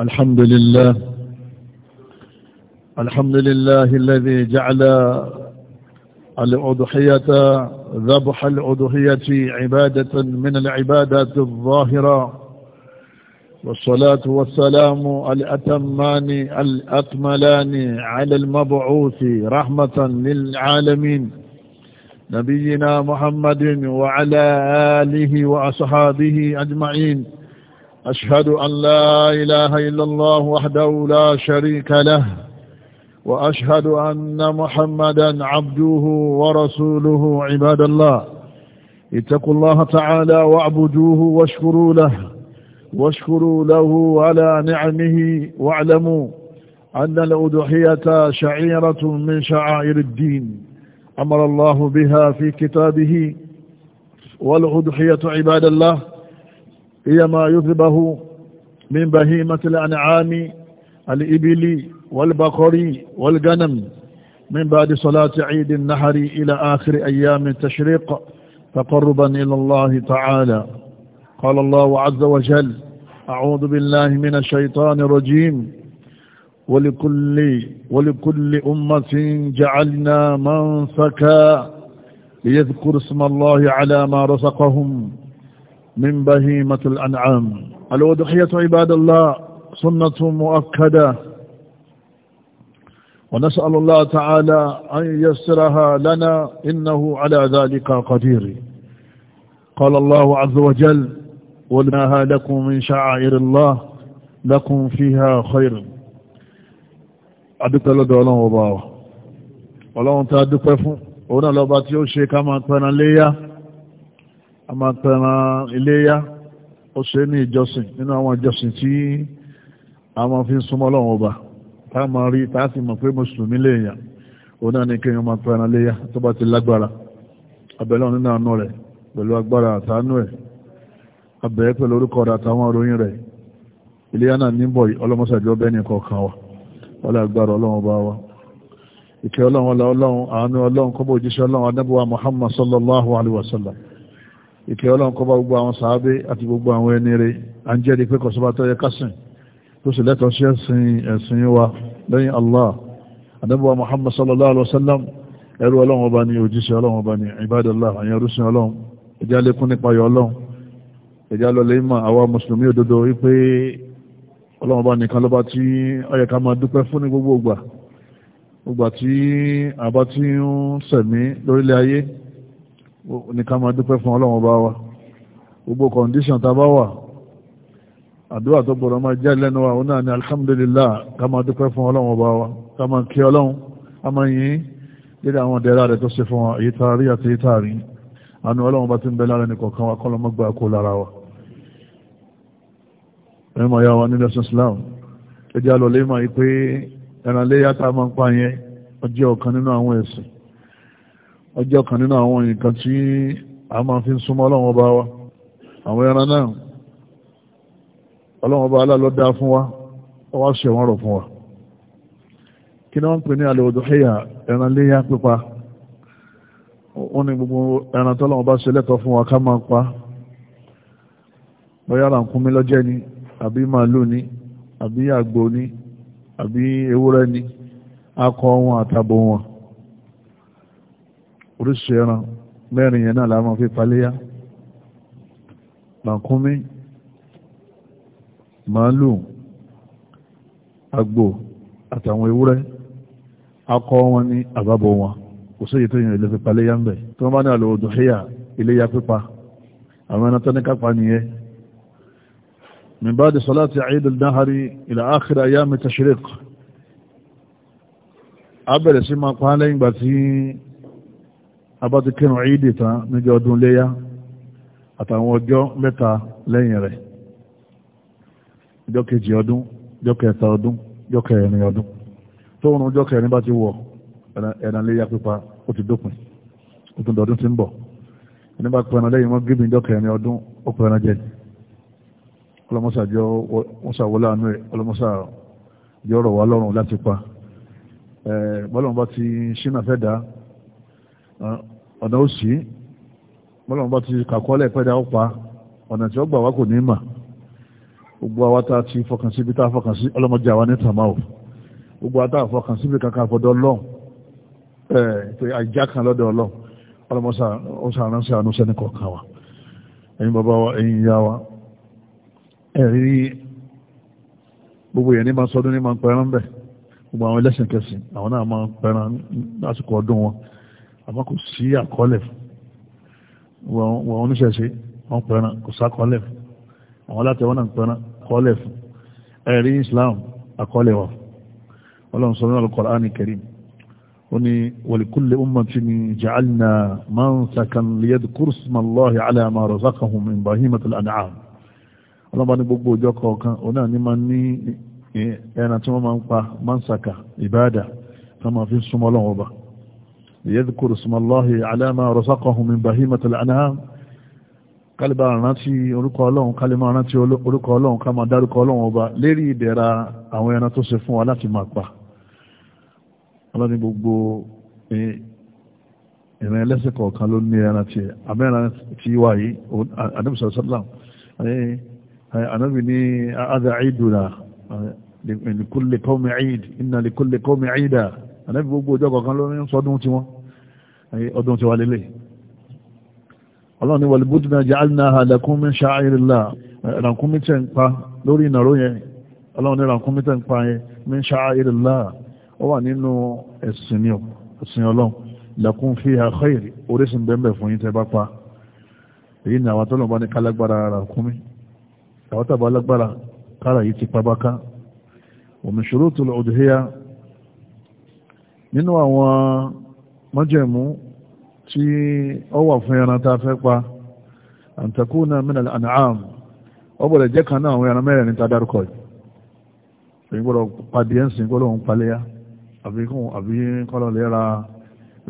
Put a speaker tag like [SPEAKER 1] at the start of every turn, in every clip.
[SPEAKER 1] الحمد لله الحمد لله الذي جعل الأضحية ذبح الأضحية عبادة من العبادات الظاهرة والصلاة والسلام الأتمان الأكملان على المبعوث رحمة للعالمين نبينا محمد وعلى آله وأصحابه أجمعين أشهد أن لا إله إلا الله وحده لا شريك له وأشهد أن محمدا عبده ورسوله عباد الله اتقوا الله تعالى واعبدوه واشكروا له واشكروا له على نعمه واعلموا أن الأضحية شعيرة من شعائر الدين أمر الله بها في كتابه والأضحية عباد الله هي ما يذبه من بهيمة الأنعام الإبل والبقر والغنم من بعد صلاة عيد النحر إلى آخر أيام التشريق تقربا إلى الله تعالى قال الله عز وجل أعوذ بالله من الشيطان الرجيم ولكل, ولكل أمة جعلنا منسكا ليذكر اسم الله على ما رزقهم من بهيمة الأنعام الوضحية عباد الله سنة مؤكدة ونسأل الله تعالى أن يسرها لنا إنه على ذلك قدير قال الله عز وجل ولناها لكم من شعائر الله لكم فيها خير أدوك الله دولا وباوة ولو أنت أدوك فهم. أولا لو باتيو شيكا ما أتفنا a máa tẹran iléyá ó ṣe ní ìjọsìn nínú àwọn ìjọsìn tí a máa fi ń súnmọ́ Ọlọ́run ọba tá a máa rí tá a sì mọ̀ pé mùsùlùmí lèèyàn òun náà ní kéèyàn máa tẹran iléyá tó bá ti lágbára abẹ́lẹ́ nínú àánú rẹ̀ pẹ̀lú agbára àtàánú ẹ̀ abẹ́ pẹ̀lú orúkọ rẹ̀ àtàwọn òròyìn rẹ̀ iléyá náà níbọ̀ ọlọ́mọsàjọ́ bẹ́ẹ̀ni kọ̀ọ̀kan wa wọ́lá agbára ọlọ́run bá wa ìkẹ́ ọlọ́run ọlọ́run àánú ọlọ́run kọ́bọ̀ òjíṣẹ́ ọlọ́run adábọ̀wà Muhammad sallallahu alaihi wasallam ìkẹ́ ọlọ́run kó bá gbogbo àwọn sàábé àti gbogbo àwọn ẹni rẹ̀ à ń jẹ́rìí pé kọ̀sọ́bá tó yẹ kásìn tó sì lẹ́tọ̀ọ́ sí ẹ̀sìn ẹ̀sìn wa lẹ́yìn Allah anábọ̀wá Muhammad sallallahu alaihi wasallam ẹrú ọlọ́run ọba ni òjíṣẹ́ ọlọ́run ọba ni ibadallah àyẹn rúṣin ọlọ́run ẹjá lékún nípa yọ ọlọ́run ẹjá lọ lẹ́yìnmọ̀ àwa mùsùlùmí òdodo wípé ní ká máa dúpẹ́ fún ọlọ́run bá wa gbogbo kọ̀ǹdíṣàn tá a bá wà àdúrà tó gbọ́dọ̀ máa jẹ́ lẹ́nu wa òun náà ni alhamdulillah ká máa dúpẹ́ fún ọlọ́run bá wa ká máa kí ọlọ́run ká máa yìn lédè àwọn ìdẹ̀ra rẹ̀ tó ṣe fún wa èyí taari àti èyí taari àánú ọlọ́run bá ti ń bẹ lára nìkọ̀ọ̀kan wa kọ́ lọ́mọ́gbà kó lára wa ẹ̀rọ mọ̀ yá wa nílẹ̀ islam ẹjẹ́ alọ́lé máa yí pé ẹ̀rànlẹ́yà tá a máa ń pa yẹn ọjọ́ ọ̀kan nínú àwọn ẹ̀sìn ọjọ́ kan nínú àwọn nǹkan tí a máa fi ń súnmọ́ ọlọ́run ọba wa àwọn ẹran náà ọlọ́run ọba aláàlọ́ dá fún wa ọwá ṣe wọ́n rọ̀ fún wa kí ni wọ́n ń pè ní àlèwòdó ẹ̀yà ẹran léyà pípa wọ́n ní gbogbo ẹran tọ́lọ́run ọba ṣe lẹ́tọ̀ọ́ fún wa ká máa pa bóyá ràkúnmí lọ́jẹ́ ni àbí màálù ni àbí àgbò ni àbí ewúrẹ́ ni akọ wọn àtàbò wọn oríṣi ẹran mẹ́rin yẹn náà la máa fi paléyá màkúnmí màálù àgbò àtàwọn ewúrẹ́ akọ wọn ní àbábọ̀ wọn kò sí èyí tó yẹn lè fi paléyá ń bẹ̀ tí wọ́n bá ní àlọ́ òdòhíyà iléyà pípa àwọn ẹran tó ní kápá nìyẹn من بعد صلاة عيد النهر إلى آخر أيام التشريق أبدا سيما قال لين بثي abá ti kírun ìdì tán níjọ́ ọdún léyá àtàwọn ọjọ́ mẹ́ta lẹ́yìn rẹ̀ ọjọ́ kejì ọdún ọjọ́ kẹta ọdún ọjọ́ kẹrin ọdún tóun ọjọ́ kẹrin bá ti wọ̀ ẹ̀nà léyá pípa ó ti dópin ó tún dọ̀dún ti ń bọ̀ ẹni bá pẹ̀rẹ̀ lẹ́yìn wọn gíbi ọjọ́ kẹrin ọdún ó pẹ̀rẹ̀ jẹ ọlọ́mọsà jọ wọ́n sàwọ́ láàánú ẹ̀ ọlọ́mọsà jọ rọ̀ wá lọ́rùn láti pa bọ́lọ́mọba ti ṣínà fẹ́ dáa ọ̀nà òsì bọ́lọ̀mọ́ bá ti kàkọ́lẹ̀ pẹ́dà ó pa ọ̀nà tí ó gbà wá kò ní mà gbogbo àwa tá a ti fọkàn síbi tá a fọkàn sí ọlọ́mọdé àwa ní tàmá o gbogbo àwa tá a fọkàn síbi kankan àfọ̀dọ̀ ọlọ́run ẹ̀ pé àìjá kan lọ́dọ̀ ọlọ́run ọlọ́mọsà ọ̀sà aránṣẹ́ àánú sẹ́ni kọ̀ọ̀kan wa ẹ̀yin bàbá wa ẹ̀yin ìyá wa ẹ̀rí gbogbo yẹn ní máa sọdún ní máa pẹran bẹ́ẹ̀ gbogbo àwọn ẹlẹ́sìn kẹsìn àwọn náà máa pẹran lásìkò ọdún wọn àmọ́ kò sí àkọọ́lẹ̀ fún wọn oníṣẹ́ṣe wọn pẹ̀ràn kò sákọọ́lẹ̀ fún àwọn látẹ̀wọ́n náà pẹ̀ràn kọ́ọ́lẹ̀ fún ẹ̀rí Islam àkọọ́lẹ̀ wà ọlọ́run sọ nínú Al-Qur'an Karim ó ní walikulli ummatin ja'alna mansakan liyadhkuru ismallahi ala ma razaqahum min bahimatil an'am ọlọ́ba ní gbogbo ọjọ́ kọ̀ọ̀kan òun náà ní máa ní ẹran tí wọ́n máa ń pa mansaka ìbáàdà tí máa fi súnmọ́ ọlọ́run ọba yadhkuru ismallahi ala ma razaqahum min bahimatil an'am kálíbà rántí orúkọ ọlọ́run kálíbà rántí orúkọ ọlọ́run ká máa dárúkọ ọlọ́run ọba lérí ìdẹ̀ra àwọn ẹran tó ṣe fún wa láti máa pa ọlọ́ni gbogbo ìrìn ẹlẹ́sẹ̀ kọ̀ọ̀kan ló ní ẹran tí abẹ́ran ti wà yìí anábìsọ sọ́lá anábì ní adà ìdùnà likulli qawmi ìd inna likulli qawmi ìdà anábì gbogbo ọjọ́ kọ̀ọ̀kan ló ní sọdún tiwọn ọdún ti wà lélẹ̀ ọlọ́run ni wal budna ja'alnaha lakum min sha'irillah ràkúnmí tẹ̀ ń pa lórí ìnàró yẹn ọlọ́run ni ràkúnmí tẹ̀ ń pa yẹn min sha'irillah ó wà nínú ẹ̀sìn ọlọ́run lakum fiha khair orísìn bẹ́ẹ̀ fún yín tẹ́ bá pa èyí ni àwọn tó lọ́nà bá ní kálágbára ràkúnmí àwọn tàbá lágbára kára yìí ti pa báká òmìṣòro tó lọ́ọ̀dù híyá nínú àwọn májẹ̀mú tí ó wà fún ẹran tá a fẹ́ pa àǹtakùnà min al-an'am ó gbọ́dọ̀ jẹ́ kan náà àwọn ẹran mẹ́rin tá a dárúkọ yìí èyí gbọ́dọ̀ ẹ̀ ń sìn gbọ́dọ̀ ń paléyà àbí kún àbí kọ́lọ̀ lè ra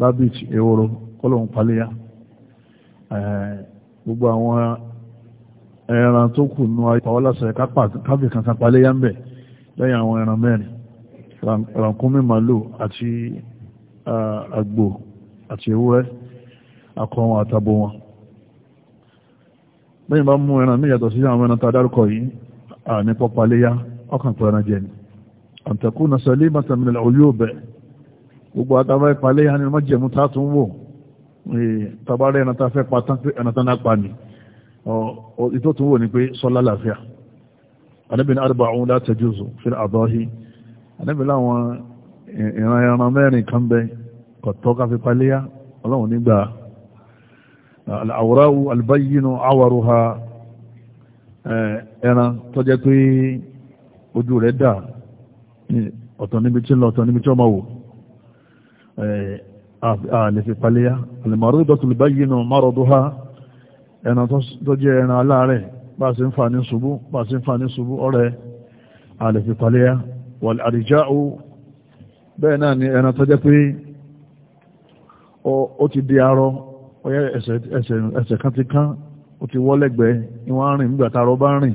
[SPEAKER 1] rabbit ehoro kọ́lọ̀ ń gbogbo àwọn ẹran tó kù nù kábì kankan ń bẹ̀ lẹ́yìn àwọn àgbò àti ewúrẹ́ akọ wọn àtàbò wọn lẹ́yìn bá mú ẹran níyàtọ̀ sí àwọn ẹran tá a dárúkọ yìí à ní pọ́pá léyá ọkàn pẹ̀lú ẹran jẹ ni àǹtẹ̀kù nàṣẹ ilé ìmọ̀tàmìlẹ̀ òyò bẹ̀ gbogbo àtàbà ìpàléyà ni wọ́n jẹ̀mú tá a tún wò tàbárẹ̀ ẹran tá a fẹ́ pa tán pé ẹran tán náà pa ni ìtò tún wò ní pé sọ́lá láàfíà anábìnrin arba'un la tajuzu fil adahi anábìnrin àwọn ìran ẹran mẹ́rin kan bẹ kọ̀tọ́ ká fi paléyá ọlọ́run nígbà àwòráwù albayyinu awaruha ẹran tó jẹ́ pé ojú rẹ̀ dà ọ̀tọ̀ níbi tí ń lọ ọ̀tọ̀ níbi tí ó máa wò àlè fi paléyá alìmọ̀rú ìdọ̀tùlù bayyinu márọ̀dúha ẹran tó jẹ́ ẹran aláàrẹ̀ bá a ń fa ní ṣubú bá a ń fa ní ṣubú ọ̀rẹ́ àlè fi paléyá wal arja'u bẹ́ẹ̀ náà ni ẹran tó jẹ́ pé ó ti di arọ ọyẹ ẹsẹ̀ kan ti kán ó ti wọ́ ìwọ̀n rìn nígbà tààrọ bá rìn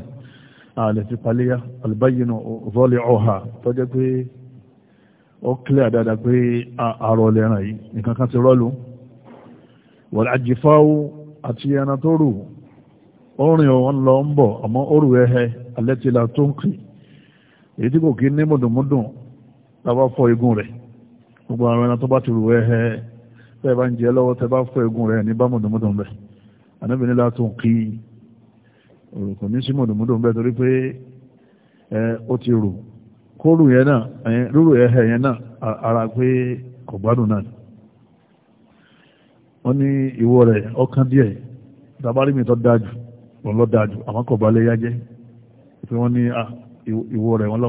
[SPEAKER 1] ààlẹ̀ ti paléyà albayinu zọ́lẹ̀ ọ̀hà tó jẹ́ pé ó kílẹ̀ pé arọ lẹ́ran yìí nìkan kan ti rọ́lù wọ́n àjìfáwó àti ẹran tó rù ó rìn òun lọ ń bọ̀ àmọ́ ó rù ẹhẹ alẹ́ ti la tó ń kì èyí tàbá fọ igun rẹ̀ gbogbo àwọn ẹran tó bá ti rù ẹ́ ẹ́ tẹ́ bá ń jẹ lọ́wọ́ tẹ́ bá fọ egun rẹ̀ ní bá mọ̀dọ̀mọ́dọ̀ ń bẹ̀ kí òrùkùn ní sí mọ̀dọ̀mọ́dọ̀ ń bẹ̀ torí pé ó ti rù kó rù yẹn náà rúrù yẹn náà ara pé kò gbádùn náà wọ́n ní ìwọ rẹ̀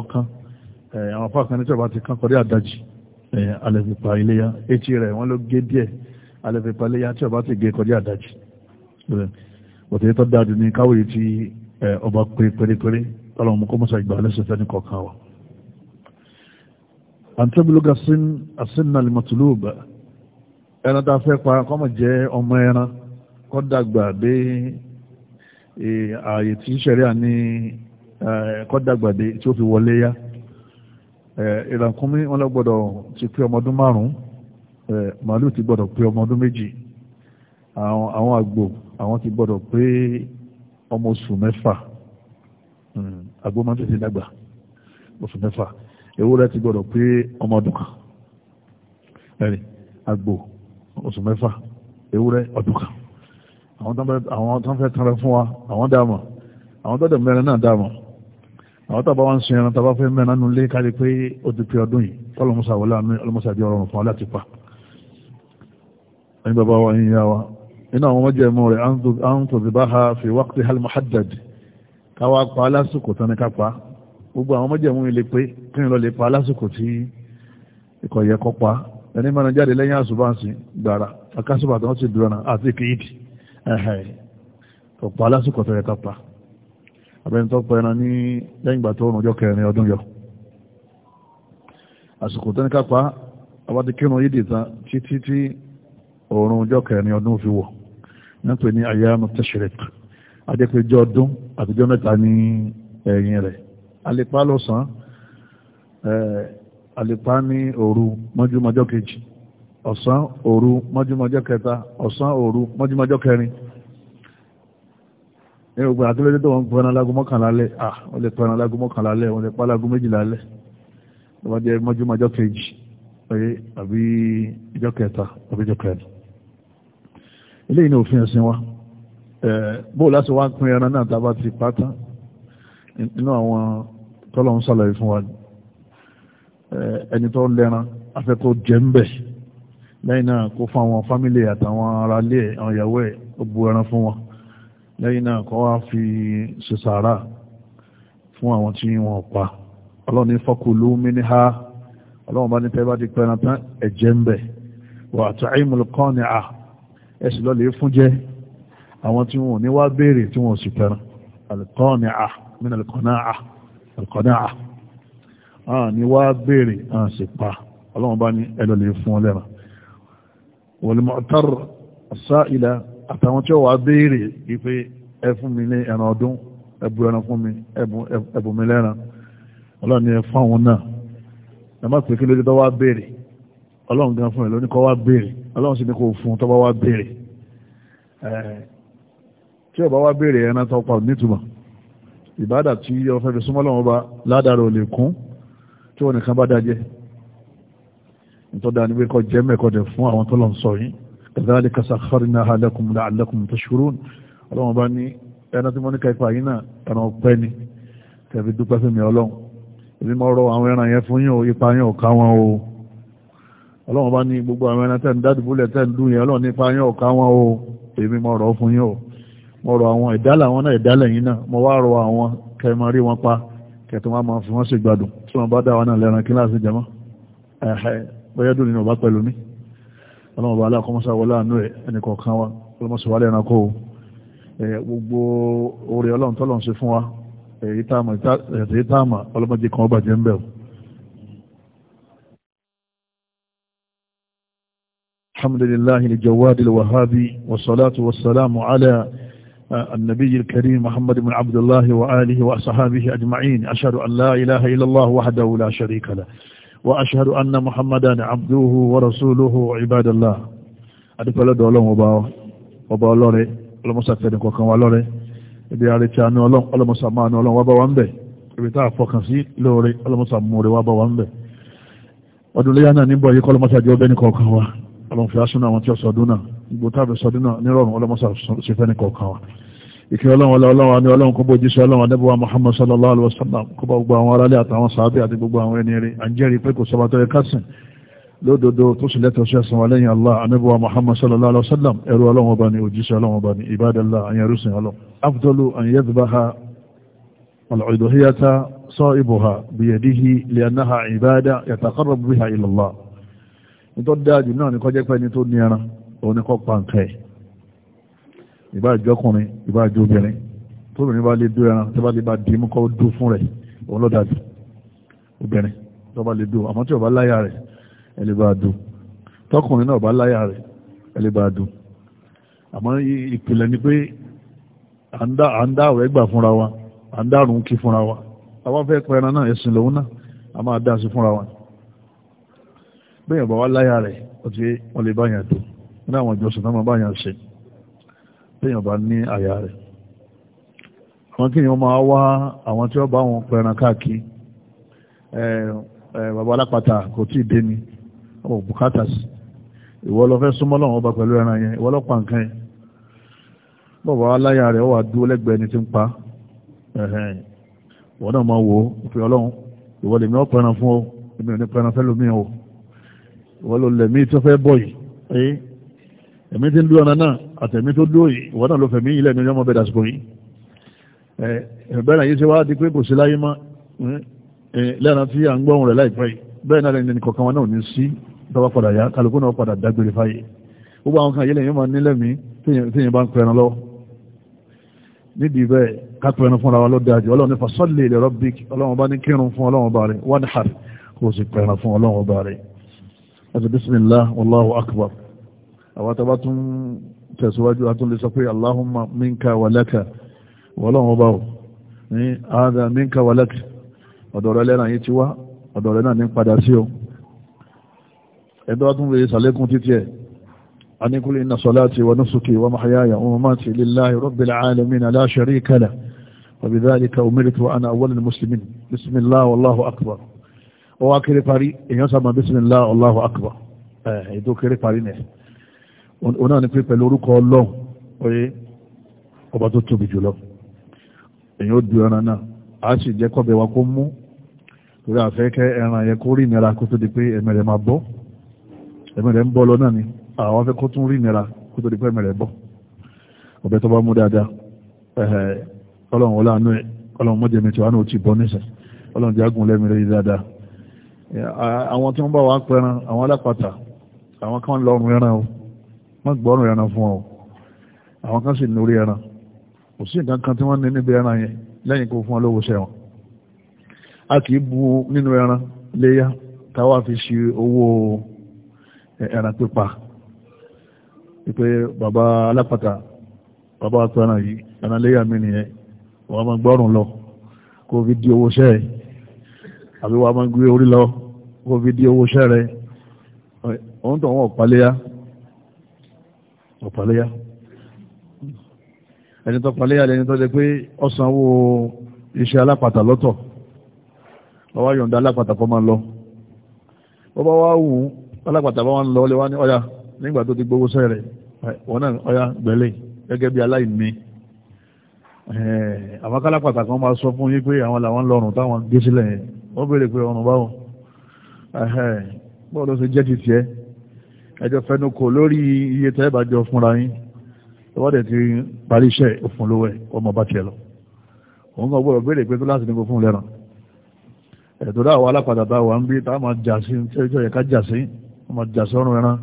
[SPEAKER 1] ọkàn àwọn fákan ní tọ́ba ti kán kọrí àdájì alẹ́fipá iléyà etí rẹ̀ wọ́n ló gé díẹ̀ alẹ́fipá iléyà tí ọba ti gé kọrí àdájì òtẹ́ tó dáadù ní tí ọba pé pérépéré tọ́lọ̀ mú kó ìgbà ní kọ̀ọ̀kan wa ẹran tá a fẹ́ pa ọmọ ẹran kọ́ dàgbà dé ààyè tí ní kọ́ ìrànkúnmí wọn lọ gbọ́dọ̀ ti pé ọmọ ọdún márùn-ún màálù ti gbọ́dọ̀ pé ọmọ ọdún méjì àwọn àgbò àwọn ti gbọ́dọ̀ pé ọmọ oṣù mẹ́fà hmm, àgbò máa ń tètè dàgbà oṣù mẹ́fà ewúrẹ́ ti gbọ́dọ̀ pé ọmọ ọdún kan ẹ̀rì àgbò oṣù mẹ́fà ewúrẹ́ ọdún kan àwọn tó ń fẹ́ tanra fún wa àwọn dààmú àwọn tó dẹ̀ mẹ́rin náà dààmú àwọn tàbá wọn sin ẹran tàbá fẹ́ mẹ́rin nínú ilé kárí pé ó ti pé ọdún yìí kọ́lọ́mùsà wọlé àmì ọlọ́mùsà bí ọrọ̀ fún aláti pa ẹni bàbá wa yìí yá wa iná àwọn ọmọdé ẹ̀mọ́ rẹ̀ à ń tòbí bá ha fi wákìtì halmuhaddad káwá pa lásìkò tán ní kápá gbogbo àwọn ọmọdé ẹ̀mọ́ ilé pé kí n lọ lè pa lásìkò tí ikọ̀ yẹ kọ́ pa ẹni mẹ́rin jáde lẹ́yìn àṣùbáǹsì gbàrà akásùbà tó ń ti dùrọ̀nà àti kìídì pa abẹ́ni tó ẹran ní lẹ́yìn tó rùn ọjọ́ kẹrin ọdún yọ àsìkò tó ní kápá abáti kírun yídì títí tí ọjọ́ kẹrin ọdún fi wọ̀ náà pè ní ayyamu tashriq adépéjọ ọdún àtijọ́ mẹ́ta ní ẹ̀yìn rẹ̀ lọ́sàn ní mọ́júmọ́jọ́ kejì ọ̀sán mọ́júmọ́jọ́ kẹta ọ̀sán mọ́júmọ́jọ́ kẹrin ní gbogbo àkílódé tó wọ́n pẹ̀rán lágún mọ́kànlá lẹ́ ah wọ́n lè pẹ̀rán lágún mọ́kànlá lẹ́ wọ́n lè pa lágún méjìlá lẹ́ tó bá jẹ́ mọ́júmọ́jọ́ kejì pẹ̀lú àbí ìjọ kẹta àbí ìjọ kẹrin ni òfin wa bóò láti wá pín ẹran náà tá a bá ti pátá nínú àwọn tọ́lọ̀ ń sàlàyé fún wa ẹni tó lẹ́ran afẹ́ kó jẹ́ ń lẹ́yìn náà kó fún àwọn fámìlì àtàwọn aráalé lẹ́yìn náà kọ́ wá fi ṣe sàárà fún àwọn tí wọ́n pa ọlọ́run ní fakulu minha ọlọ́run bá ní tẹ́ bá ti pẹ́ran tán ẹ̀jẹ̀ ń bẹ̀ wà at'imul qani'a ẹ̀sì lọ́lẹ̀ fún jẹ́ àwọn tí wọ́n ní wá béèrè tí wọ́n sì pẹ́ran al-qani'a min al-qana'a al-qana'a ní wá béèrè àwọn sì pa ọlọ́run bá ní ẹlọ́lẹ̀ fún ọlẹ́ràn wal mu'tar as àtàwọn tí ó wà béèrè wípé ẹ fún mi ní ẹran ọdún ẹbù ẹran fún mi ẹbù mi lẹ́ran ọlọ́run ni ẹ fún àwọn náà ẹ má pè kí lójú tó wá béèrè ọlọ́run gan fún ẹ lóní kó wá béèrè ọlọ́run sì ní kó fún tó bá wá béèrè tí ó bá wá béèrè ẹran tó pa nítumọ̀ ìbádà tí ó fẹ́ fi súnmọ́ lọ́wọ́ bá ládàá lè kún tí wọn nìkan bá dájẹ́ nítorí dáa kọ́ jẹ́ mẹ́kọ̀ọ́ fún àwọn tó lọ sọ yìí kadhalika sakharnaha lakum la'allakum tashkurun ọlọ́run bá ní ẹran tí mo ní kápá yìí náà ẹran ọpẹ́ ni tẹ̀bí dúpẹ́ fún mi ọlọ́run èmi mọ̀ rọ àwọn ẹran yẹn fún yín o ipa yín ọ̀ka wọn o ọlọ́run bá ní gbogbo àwọn ẹran tẹ́ni dádùbúlẹ̀ tẹ́ni dùn yẹn ọlọ́run nípa yín ọ̀ka wọn o èmi mọ̀ rọ fún yín o mo rọ àwọn ìdálẹ̀ àwọn náà ìdálẹ̀ yín náà mo wá rọ àwọn kẹmọ rí wọn pa kẹtù wọn máa fi wọn ṣègbádùn tí wọn bá dá wọn náà lẹ́ran kí láti jẹmọ́ ẹ̀ẹ́ bóyá dùn nínú ọba pẹ̀lú mi ọlọ́run bá aláàkọ́mọ́sá wọ láàánú ẹ̀ ẹnìkọ̀ọ̀kan wa ọlọ́mọ́sá wà lẹ́nu akó gbogbo oore ọlọ́run tọ́lọ́run ṣe fún wa èyí táàmà ọlọ́mọdé kan ọba jẹ́ ń bẹ̀rù. الحمد لله الجواد الوهابي والصلاة والسلام على النبي الكريم محمد بن عبد الله وآله وأصحابه أجمعين أشهد أن لا إله إلا الله وحده لا شريك له وأشهد أن محمدا عبده ورسوله عباد الله أدفل دولهم وباو وباو لوري ولمسا فيدن كوكان والوري ibi àrètìánú ọlọ́run ọlọ́mọsà máa ní ọlọ́run wá bá wá ń bẹ̀ ibi tá àfọkàn sí lóore ọlọ́mọsà múre wá bá wá ń bẹ̀ ọdún léyà náà níbọ̀ yìí kọ́lọ́mọsà jẹ́ ọbẹ̀ ní kọ̀ọ̀kan wa ọlọ́run fi asúnà àwọn tí ó sọdún náà gbogbo táàbẹ̀ sọdún náà nírọ̀rùn ọlọ́mọsà ṣe fẹ́ ní kọ̀ọ̀kan wa ìkẹ́ ọlọ́run ọlọ́run ní ọlọ́run kọ́bọ̀ jíṣẹ́ ọlọ́run adẹ́bọ̀wà Muhammad sallallahu alaihi wasallam kọ́bọ̀ gbogbo àwọn aráàlẹ́ àtàwọn sàábẹ́ àti gbogbo àwọn ẹni rí à ń jẹ́rìí pé kò sọba tó yẹ kásìn lódodo tó sì lẹ́tọ̀ sí ẹ̀sán wàlẹ́yìn Allah anẹ́bọ̀wà Muhammad sallallahu alaihi wasallam ẹrú ọlọ́run ọba ni òjíṣẹ́ ọlọ́run ọba ni ibadallah àyẹrúsìn ọlọ́run afdalu ìbá àjọkùnrin ìbá àjọ obìnrin tóbìnrin bá lè dó ẹran tó bá lè bá dì í mú kọ́ dó fún rẹ̀ òun ló dàbí obìnrin tó lè dó àmọ́ tí ó bá láyà rẹ̀ ẹ lè bá dó tọkùnrin náà bá láyà rẹ̀ ẹ lè bá dó àmọ́ ìpìlẹ̀ ni pé à ń dá àwẹ̀ gbà fúnra wa à ń dárùn kí fúnra wa àwa fẹ́ pa ẹran náà ẹ̀sìn lòun náà a máa dá sí fúnra wa bẹ́ẹ̀ bá wá láyà rẹ̀ ọtí wọ́n lè bá yàn dó ní àwọn ìjọsìn náà máa bá yàn ṣe a bá ní àyà rẹ̀ àwọn kí wọ́n máa wá àwọn tí wọ́n bá wọn pẹran káàkiri bàbá alápàtà kò tí ì dé ni ọmọ bùkátà sí ìwọ lọ fẹ́ súnmọ́ lọ́wọ́ pẹ̀lú ẹran yẹn lọ́pàá nǹkan yẹn bàbá aláya rẹ̀ wà dúró lẹ́gbẹ̀ẹ́ ni ti ẹ̀mí tí ń dúró ọ̀nà náà àtẹ̀mí tó dúró yìí ìwọ náà ló fẹ̀mí ilẹ̀ ní ọmọ bẹ̀rẹ̀ àsìkò yìí ẹ̀bẹ̀rẹ̀ náà yìí ṣe wá di pé kò sí láyé mọ́ lẹ́ran tí à ń gbọ́hùn rẹ̀ láìpẹ́ yìí bẹ́ẹ̀ náà lẹ́ni kọ̀ọ̀kan wọn náà ní sí tọ́wọ́ padà yá kálukú náà padà dágbére fáyé gbogbo àwọn kan yìí lẹ́yìn máa nílẹ̀ mí téèyàn bá ń pẹran lọ nídìí bẹ́ẹ̀ ká pẹran wa lọ́dẹ àjọ ọlọ́run nípa sọ́ọ̀lì ilẹ̀ rọ́bìk ọlọ́run bá ní kírun fún ọlọ́run ọba rẹ̀ wọ́n ní hàr kó sì pẹran fún ọlọ́run ọba rẹ̀ ẹ̀sìn bísí àwọn tàbá tún tẹ̀síwájú àtún lè sọ pé aláhùnmá mínka wàlẹ́kà wọ́lọ́wọ́n bá ní àádá mínka wàlẹ́kà ọ̀dọ̀rẹ́ lẹ́nà yìí ti wá ọ̀dọ̀rẹ́ náà ní padà sí o ẹ̀dọ́ tún lè sàlékún títí ẹ̀ aníkúlé iná sọláti wa nusuki wa mahayaya wa mamati lillahi rabbil alamin la sharika lahu wa bidhalika umirtu wa ana awwalul muslimin bismillah wallahu akbar ó wá kéré parí èèyàn bismillah wallahu akbar ètò kéré parí nìyẹn òun náà ni pé pẹ̀lú orúkọ ọlọ́run oye ọba tó tóbi jùlọ èyàn ó du ẹran náà a sì jẹ́ kọ́bẹ̀ wa kó mú torí àfẹ́kẹ́ ẹran yẹn kó rí ìnira kó tó di pé ẹ̀mí máa bọ́ ẹ̀mí ń bọ́ lọ náà ni àwọn afẹ́ kó tún rí ìnira kó tó di pé ẹ̀mí rẹ̀ bọ́ ọbẹ̀ tó bá mú dáadáa ẹ̀hẹ̀ ọlọ́run ọlá àánú ẹ̀ ọlọ́run mọ́jẹ̀mí tí wàá náà ó ti bọ́ níṣẹ́ ọlọ́run jágùn lẹ́mí rẹ̀ dáadáa àwọn tí wọ́n bá wàá pẹran àwọn alápàtà àwọn kan lọ́rùn ẹran o wọ́n gbọ́rùn ẹran fún ọ àwọn kan sì lórí ẹran kò sí nǹkan kan tí wọ́n ní níbi ẹran yẹn lẹ́yìn kó fún ọ lówó sẹ́wọ̀n a kì í bu nínú ẹran léyà táwa fi ṣe owó ẹran pípa wípé bàbá alápàtà bàbá àtọ́nà yìí ẹran léyà mi nìyẹn wọ́n máa gbọ́rùn lọ kó fi di owó sẹ́ẹ̀ àbí wọ́n máa gbé orí lọ kó fi di owó sẹ́ẹ̀ rẹ̀ tó wọn ò ọ̀pàlẹ́yà ẹni tó pàlẹ́yà lẹni tó jẹ pé ọ̀sánwó iṣẹ́ alápàtà lọ́tọ̀ ọwá yọ̀ǹda alápàtà kọ́ máa lọ ó bá wá wù alápàtà bá wọn lọ lè wá ní ọya nígbà tó ti gbowó sẹ́rẹ̀ wọn náà ọya gbẹ̀lẹ̀ gẹ́gẹ́ bí aláìní àwọn kálápàtà kan máa sọ fún yín pé àwọn làwọn lọ́rùn táwọn gé sílẹ̀ wọ́n béèrè pé ọrùn báwọn bọ́ọ̀lù ṣe jẹ́ ti ẹjọ́ fẹnukò lórí iye tẹ́ bá jọ fúnra yín ìwọ́dẹ̀ ti parí iṣẹ́ òfin lówẹ́ ọmọ bá tiẹ̀ lọ òun kan gbọ́dọ̀ béèrè pé tó láti ní kó fún lẹ́ràn ẹ̀tọ́ dá àwọn alápàdà bá wà ń bí táwọn máa jà sí tẹ́jọ́ yẹ ká jà sí wọ́n máa jà sí ọrùn ẹran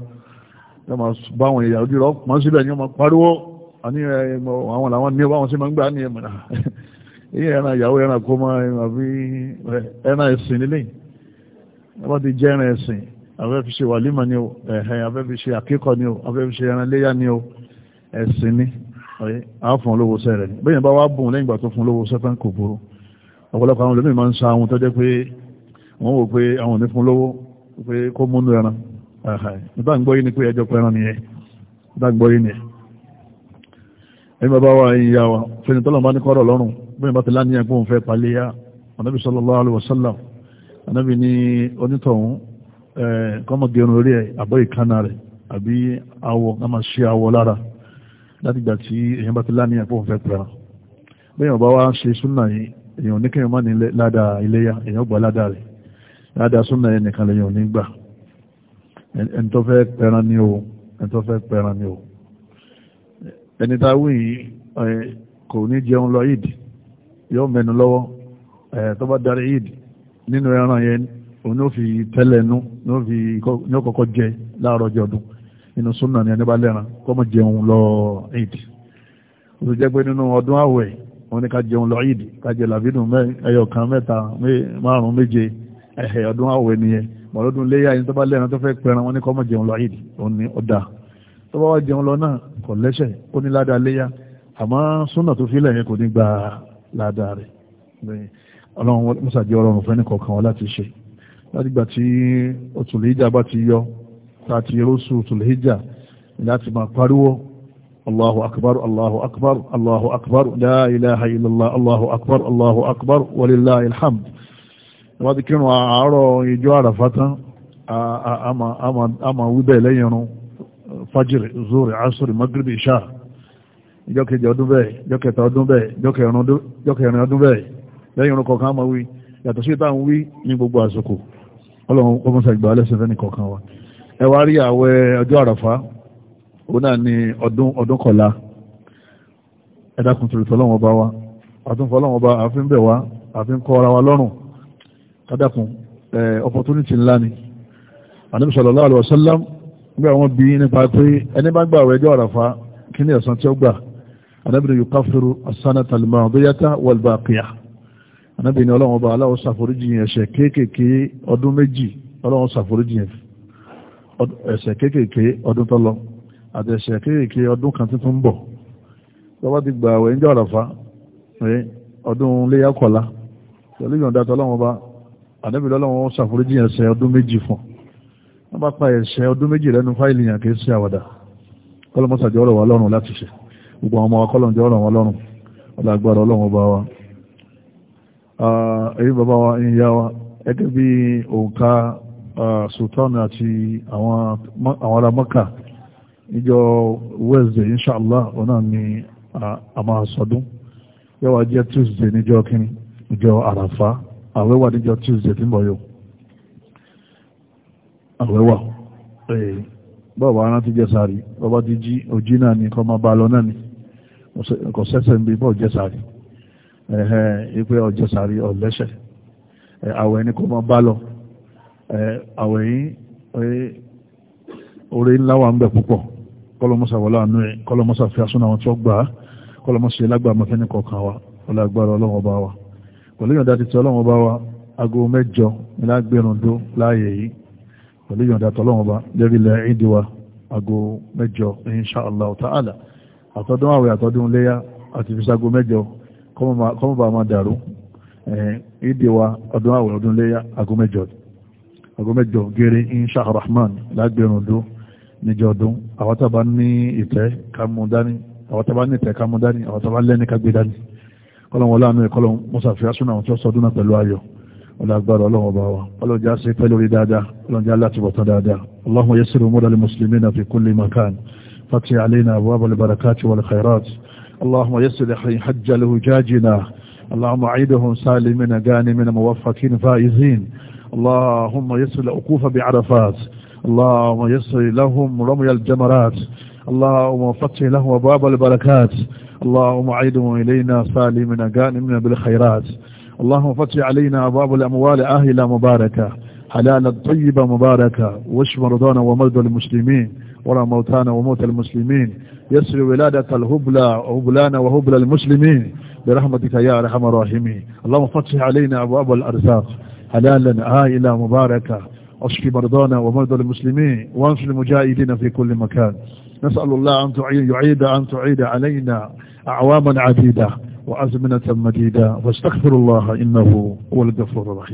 [SPEAKER 1] wọ́n máa bá àwọn èèyàn ojú rọ mọ́ síbẹ̀ ni wọ́n máa pariwo àní àwọn làwọn ní báwọn sí máa ń gbà ní ẹ̀mọ̀nà ìyẹn ẹran ìyàwó ẹran kó máa ẹran ẹ̀sìn nílé wọ́n ti jẹ́ ẹran ẹ̀sìn afẹ́ fi ṣe wàlímà ni o ẹ̀hẹ́ afẹ́ fi ṣe àkíkọ ni o afẹ́ fi ṣe ẹran léyà ni o ẹ̀sìn ni a fún olówó sẹ́ rẹ̀ ni bẹ́yìn bá wá bùn lẹ́yìn ìgbà tó fún olówó sẹ́ fẹ́ kò burú ọ̀pọ̀lọpọ̀ àwọn olómìn máa ń sa àwọn tó jẹ́ pé wọ́n wò pé àwọn òní fún lówó pé kó múnú ẹran nígbà gbọ́ yìí ni pé ẹjọ́ pẹran nìyẹn nígbà gbọ́ yìí nìyẹn ẹni bàbá wa ìyá wa fẹni tọ́lọ̀ bá ní kọ́rọ̀ lọ́rùn bẹ́yìn bá ti láníyàn pé òun fẹ́ paléyà ànábì sallallahu alaihi wasallam ànábì ní onítọ̀hún kọ́mọ gẹrun orí àbọ̀ ìkánná rẹ̀ àbí awọ ká máa ṣe awọ lára láti gbà tí èèyàn bá ti láníyàn fún òfẹ́ pẹ̀lú bẹ́ẹ̀ ọba wa ṣe súnà yìí èèyàn ní kéèyàn má ní ládàá iléyà èèyàn gbà ládàá rẹ̀ ládàá súnà nìkan ní gbà ẹni tó pẹran ni o ẹni tó pẹran ni o ẹni tá a wí yìí kò ní jẹun lọ yóò tó bá darí nínú ẹran òun ní ó fi tẹ́lẹ̀ nú ní ó kọ́kọ́ jẹ láàárọ̀ ọjọ́ ọdún nínú súnà ní ẹnibà lẹ́ran kọ́mọ jẹun lọ eid ó sì jẹ́ pé nínú ọdún àwẹ̀ òun ní ká jẹun lọ eid ká jẹ làbínú ẹyọ kan mẹ́ta márùn-ún méje ẹ̀hẹ̀ ọdún àwẹ̀ nìyẹn mọ̀lọ́dún léyà yìí tó bá lẹ́ran tó fẹ́ pẹran wọn ní kọ́mọ jẹun lọ eid òun ní ọ̀dà tó bá wá jẹun lọ náà kò lẹ́sẹ̀ ó ní ládàá léyà àmọ́ súnà tó fílẹ̀ yẹn kò ní gba ládàá rẹ̀ ọlọ́run mọ́sàdí ọlọ́run fẹ́ ní kọ̀ọ̀kan wọn láti ṣe látìgbà tí òtùlẹ́jà bá ti yọ láti rọ́sù òtùlẹ́jà láti máa pariwo Allahu akbar Allahu akbar Allahu akbar la ilaha illallah Allahu akbar Allahu akbar walillahi alhamd wọ́n ti kírun àárọ̀ ìjọ àràfátán a máa wíbẹ̀ lẹ́yìn irun fajiri zuri asuri magribi isha ìjọ kejì ọdún bẹ́ẹ̀ ìjọ kẹta ọdún bẹ́ẹ̀ ìjọ kẹrin ọdún bẹ́ẹ̀ lẹ́yìn irun ọlọ́run kọ́mọ́sá ìgbà alẹ́sẹ̀ fẹ́ nìkọ̀ọ̀kan wa ẹ wá rí àwẹ̀ ọjọ́ àràfá òun náà ni ọdún ọdún kọ̀la ẹ dákun torí tọ́lọ́wọ́n ọba wa àtúnfọ́ ọlọ́run ọba àfin bẹ̀ wá àfin kọ́ ara wa lọ́rùn ká dákun opportunity ńlá ni ànábì sallallahu alaihi wasallam gbé àwọn bí nípa pé ẹni bá gbà àwẹ̀ ọjọ́ àràfá kí ni ẹ̀san tí ó gbà ànábì yukafiru as-sanata al-madiyata wal anábì ní ọlọ́run ọba aláwọ̀ ṣàforíjì ẹ̀ṣẹ̀ kéékèèké ọdún méjì ọlọ́run ṣàforíjì ẹ̀ṣẹ̀ kéékèèké ọdún tó lọ àti ẹ̀ṣẹ̀ kéékèèké ọdún kan tuntun ń bọ̀ lọ́wọ́ ti gbà àwẹ̀ ńjọ́ àràfá ọdún léyàkọ̀lá pẹ̀lú ìyọ̀ǹda tọ́lọ́run ọba anábì lọ́lọ́run ṣàforíjì ẹ̀ṣẹ̀ ọdún méjì fún wọ́n bá pa ẹ̀ṣẹ̀ ọdún méjì lẹ́nu fáìlì yàn kìí ṣe àwàdà kọ́lọ́mọ́sàjọ́ ọ̀rọ̀ wa lọ́rùn láti ṣe gbogbo àwọn ọmọ wa ọ̀rọ̀ wa lọ́rùn ọlọ́gbàrọ̀ ọlọ́run ọba wa ẹ̀yí bàbá wa ìyá wa ẹgẹ́ bí òǹkà sultan àti àwọn ará mọ́kà níjọ wednesday inshallah ọ̀nà ni àmà sọdún yóò jẹ́ tuesday níjọ kínní níjọ àràfá àwẹ́wà níjọ tuesday tí ń bọ̀ àwẹ́wà aná ti jẹ́ sáré ti jí náà ni kọ́ máa bá lọ náà ni kò sẹ́sẹ̀ ń bí bọ́ọ̀ ipe ọjọ́ sàrí ọ̀lẹ́ṣẹ̀ àwẹ̀ ní kó máa bá lọ àwẹ̀ e orí ńlá wà ń púpọ̀ wọlé àánú fi asúnà àwọn tí ó gbà á kọlọmọsà lágbà mọ́kẹ́ni kọ̀ọ̀kan wa ọlá agbára ọlọ́wọ́n wa pẹ̀lú ti ti ọlọ́wọ́n bá wa aago mẹ́jọ lágbẹ̀rún láàyè wa aago mẹ́jọ ta'ala àtọ́dún àwẹ̀ àtọ́dún léyà àti fi kọ́mọ̀ bá máa dàrú ìdí wa ọdún àwẹ̀ ọdún léyà agomẹjọ agomẹjọ gẹ́rẹ́ insha rahman lágbẹ̀rún ọdún níjọ ọdún àwọn tàbá ní ìtẹ́ kámú dání àwọn tàbá ní ìtẹ́ kámú dání àwọn tàbá lẹ́ni kágbé dání kọ́lọ̀wọ́ láàánú ìkọlọ̀ mọ́sàfíà súnà àwọn tí ó sọdún náà pẹ̀lú ayọ̀ ọlágbára ọlọ́run ọba wa ọlọ́jà sí pẹ́ lórí dáadáa ọlọ́jà láti bọ̀tán dáadáa allahumma yassir umura lil muslimina fi kulli اللهم يسر لي حج لهجاجنا اللهم عيدهم سالمين غانمين موفقين فائزين اللهم يسر لأقوف بعرفات اللهم يسر لهم رمي الجمرات اللهم فتح لهم باب البركات اللهم عيدهم إلينا سالمين غانمين بالخيرات اللهم فتح علينا باب الأموال أهلا مباركة حلالا طيبة مباركة واشمر مرضانا ومرضى المسلمين ولا موتانا وموت المسلمين يسر ولادة الهبلى هبلانا وهبل المسلمين برحمتك يا أرحم الراحمين اللهم فتح علينا أبواب الأرزاق حلالا عائلة مباركة أشفي مرضانا ومرضى المسلمين وانصر المجاهدين في كل مكان نسأل الله أن تعيد يعيد أن تعيد علينا أعواما عديدة وأزمنة مديدة واستغفر الله إنه هو الغفور الرحيم